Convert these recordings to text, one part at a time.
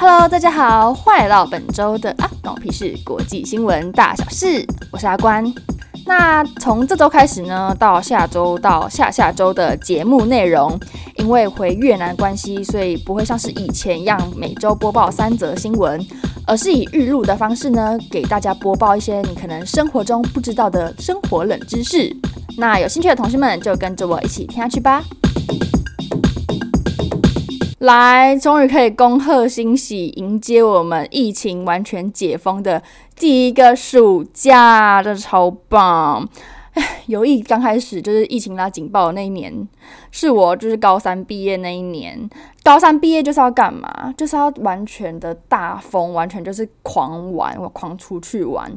Hello，大家好，歡迎來到本周的啊，狗屁事國際新聞大小事，我是阿關。那從這周開始呢，到下周到下下周的節目內容，因為回越南關係，所以不會像是以前一樣每周播報三則新聞，而是以預錄的方式呢，給大家播報一些你可能生活中不知道的生活冷知識。那有興趣的同學們就跟着我一起聽下去吧。來，終於可以恭賀新禧，迎接我們疫情完全解封的第一個暑假，真的超棒！唉，有意剛開始就是疫情拉警報那一年，是我就是高三畢業那一年。高三畢業就是要幹嘛？就是要完全的大瘋，完全就是狂玩，我狂出去玩。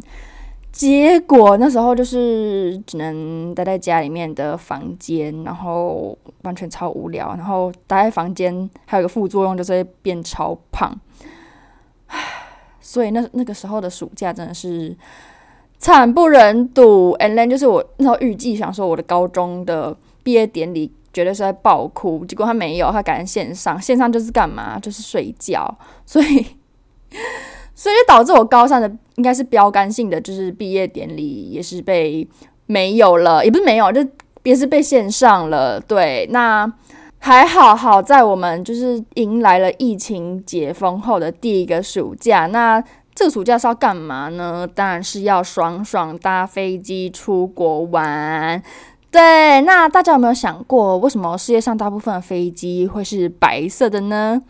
結果那時候就是只能待在家裡面的房間，然後完全超無聊。然後待在房間還有一個副作用，就是會變超胖。唉，所以那那個時候的暑假真的是慘不忍睹。And then 就是我那時候預計想說，我的高中的畢業典禮絕對是在爆哭，結果他沒有，他趕線上，線上就是幹嘛？就是睡覺。所以。所以就導致我高三的應該是標杆性的，就是畢業典禮也是被沒有了，也不是沒有，就也是被線上了。對，那還好好在我們就是迎來了疫情解封後的第一個暑假。那這個暑假是要幹嘛呢？當然是要爽爽搭飛機出國玩。對，那大家有沒有想過，為什麼世界上大部分的飛機會是白色的呢？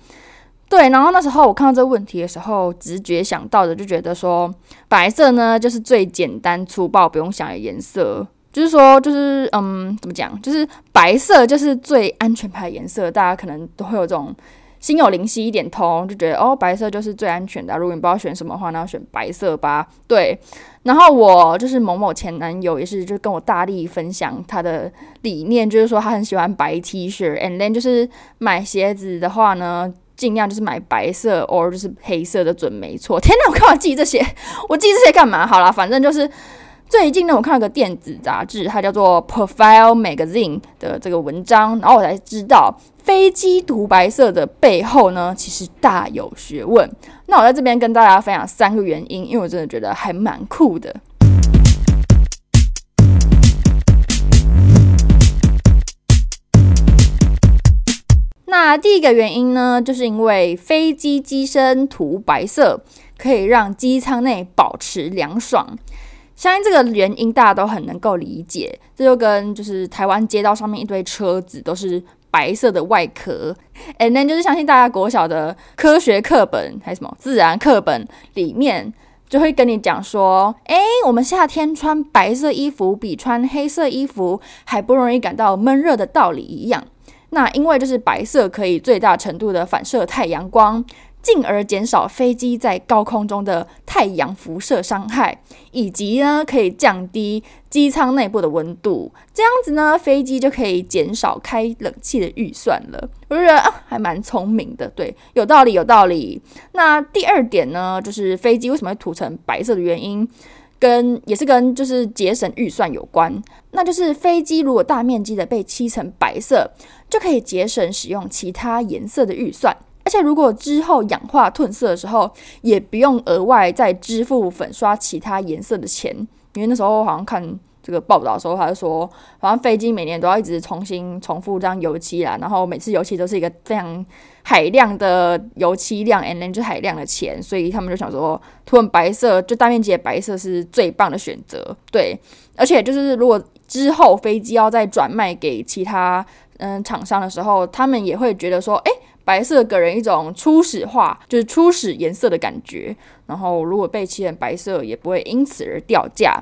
對，然後那時候我看到這個問題的時候，直覺想到的就覺得說，白色呢就是最簡單粗暴、不用想的顏色，就是說就是嗯，怎麼講，就是白色就是最安全牌的顏色，大家可能都會有這種心有靈犀一點通，就覺得哦，白色就是最安全的啊，如果你不知道選什麼的話，那要選白色吧。對，然後我就是某某前男友也是就跟我大力分享他的理念，就是說他很喜歡白 T 恤，and then 就是買鞋子的話呢。盡量就是買白色，or 就是黑色的準沒錯。天哪，我幹嘛記這些？我記這些幹嘛？好啦，反正就是最近呢，我看了個電子雜誌，它叫做《Profile Magazine》的這個文章，然後我才知道飛機塗白色的背後呢，其實大有學問。那我在這邊跟大家分享三個原因，因為我真的覺得還蠻酷的。那第一個原因呢，就是因為飛機機身塗白色，可以讓機艙內保持涼爽。相信這個原因大家都很能夠理解。這就跟就是台灣街道上面一堆車子都是白色的外殼，哎，那就是相信大家國小的科學課本還是什麼自然課本裡面就會跟你講說，哎、欸，我們夏天穿白色衣服比穿黑色衣服還不容易感到悶熱的道理一樣。那因為就是白色可以最大程度的反射太陽光，進而減少飛機在高空中的太陽輻射傷害，以及呢可以降低機艙內部的溫度，這樣子呢飛機就可以減少開冷氣的預算了。我覺得啊，還蠻聰明的，對，有道理，有道理。那第二點呢，就是飛機為什麼會塗成白色的原因。跟也是跟就是節省預算有關，那就是飛機如果大面積的被漆成白色，就可以節省使用其他顏色的預算，而且如果之後氧化褪色的時候，也不用額外再支付粉刷其他顏色的錢，因為那時候我好像看。這個報道的時候，他就說，好像飛機每年都要一直重新重複這樣油漆啦，然後每次油漆都是一個非常海量的油漆量，and then 就海量的錢，所以他們就想說，塗成白色就大面積的白色是最棒的選擇。對，而且就是如果之後飛機要再轉賣給其他嗯廠商的時候，他們也會覺得說，哎，白色給人一種初始化，就是初始顏色的感覺，然後如果被漆成白色，也不會因此而掉價。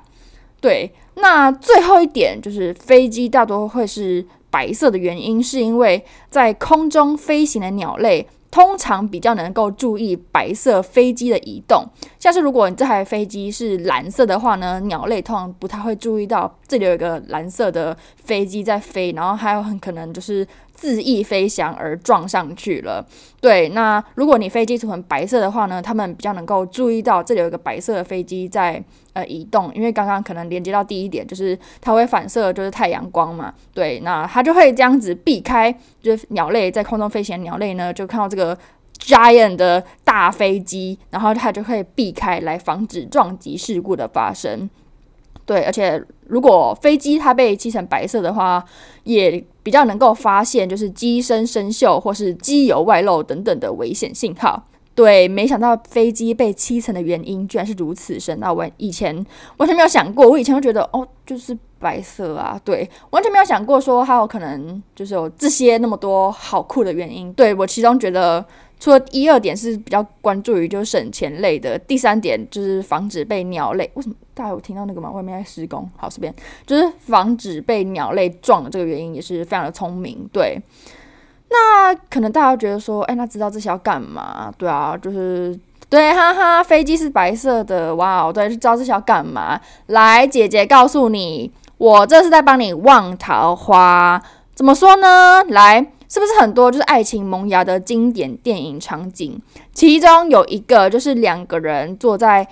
對，那最後一點就是飛機大多會是白色的原因，是因為在空中飛行的鳥類通常比較能夠注意白色飛機的移動。像是如果你這台飛機是藍色的話呢，鳥類通常不太會注意到這裡有一個藍色的飛機在飛，然後還有很可能就是。肆意飛翔而撞上去了。對，那如果你飛機塗成白色的話呢，他們比較能夠注意到這裡有一個白色的飛機在呃移動，因為剛剛可能連接到第一點，就是它會反射，就是太陽光嘛。對，那它就會這樣子避開，就是鳥類在空中飛行，鳥類呢就看到這個 giant 的大飛機，然後它就會避開來防止撞擊事故的發生。對，而且如果飛機它被漆成白色的話，也比較能夠發現就是機身生鏽或是機油外漏等等的危險信號。對，沒想到飛機被漆成的原因居然是如此深，那我以前完全沒有想過，我以前都覺得哦就是白色啊，對，完全沒有想過說它有可能就是有這些那麼多好酷的原因。對我其中覺得。除了一二點是比較關注於就是省錢類的，第三點就是防止被鳥類。為什麼大家有聽到那個嗎？外面在施工，好這邊就是防止被鳥類撞的這個原因也是非常的聰明。對，那可能大家會覺得說，哎、欸，那知道這些要幹嘛？對啊，就是對，哈哈，飛機是白色的，哇哦，對，知道這些要幹嘛？來，姐姐告訴你，我這是在幫你旺桃花。怎麼說呢？來。是不是很多就是愛情萌芽的經典電影場景？其中有一個就是兩個人坐在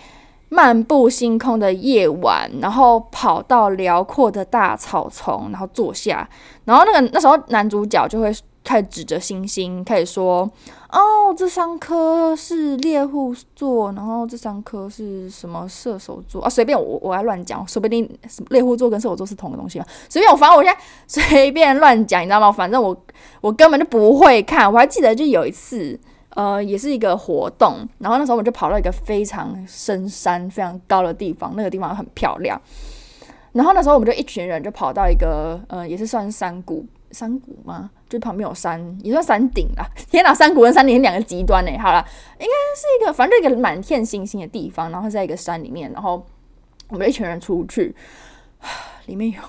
漫步星空的夜晚，然後跑到遼闊的大草叢，然後坐下，然後那個那時候男主角就會開始指着星星，開始說：“哦，這三顆是獵戶座，然後這三顆是什麼射手座啊？”隨便我，我，我要亂講，說不定什麼獵戶座跟射手座是同個東西嘛？隨便我，反正我現在隨便亂講，你知道嗎？反正我，我根本就不會看，我還記得就有一次，呃，也是一個活動，然後那時候我們就跑到一個非常深山、非常高的地方，那個地方很漂亮。然後那時候我們就一群人就跑到一個，呃，也是算山谷，山谷嘛？就旁邊有山，也算山頂啦。天哪、啊，山谷跟山頂兩個極端呢、欸。好啦，應該是一個，反正一個滿天星星的地方，然後在一個山裡面，然後我們一群人出去，裡面有。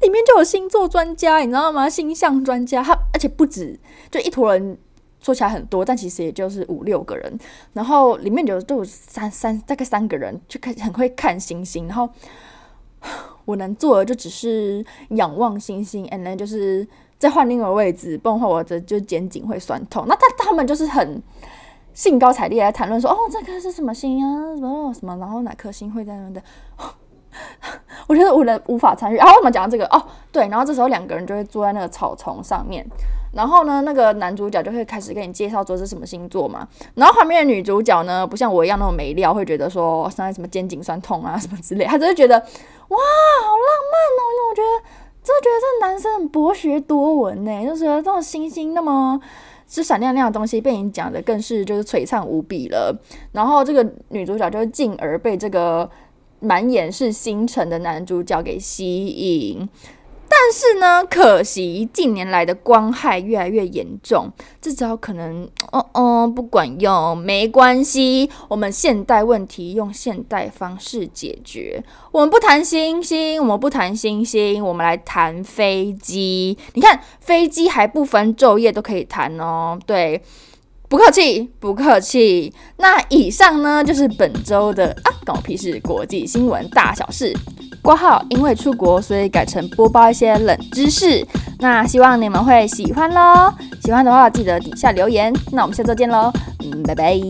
裡面就有星座專家，你知道嗎？星象專家，他而且不止，就一坨人說起來很多，但其實也就是五六個人。然後裡面就有，就有三三，大概三個人就很會看星星。然後我能做的就只是仰望星星，And then 就是再換另外一個位置，不然的話我的就，就肩頸會酸痛。那他他們就是很興高采烈來談論說，哦，這個是什麼星啊？哦什麼？然後哪顆星會在那邊的？哦我覺得無人無法參與，然後我們講到這個哦，對，然後這時候兩個人就會坐在那個草叢上面，然後呢，那個男主角就會開始給你介紹說這是什麼星座嘛，然後旁邊的女主角呢，不像我一樣那麼沒料，會覺得說現在什麼肩頸酸痛啊什麼之類，她就會覺得哇，好浪漫哦，因為我覺得就覺得這男生很博學多聞呢，就覺得這種星星那麼是閃亮亮的東西被你講的更是就是璀璨無比了，然後這個女主角就會進而被這個。滿眼是星辰的男主角給吸引，但是呢，可惜近年來的光害越來越嚴重，這招可能，嗯嗯，不管用。沒關係，我們現代問題用現代方式解決。我們不談星星，我們不談星星，我們來談飛機。你看，飛機還不分晝夜都可以談哦。對。不客氣，不客氣。那以上呢，就是本周的阿關我0709國際新聞大小事。括號因為出國，所以改成播報一些冷知識。那希望你們會喜歡嘍。喜歡的話記得底下留言。那我們下周見嘍。嗯，拜拜。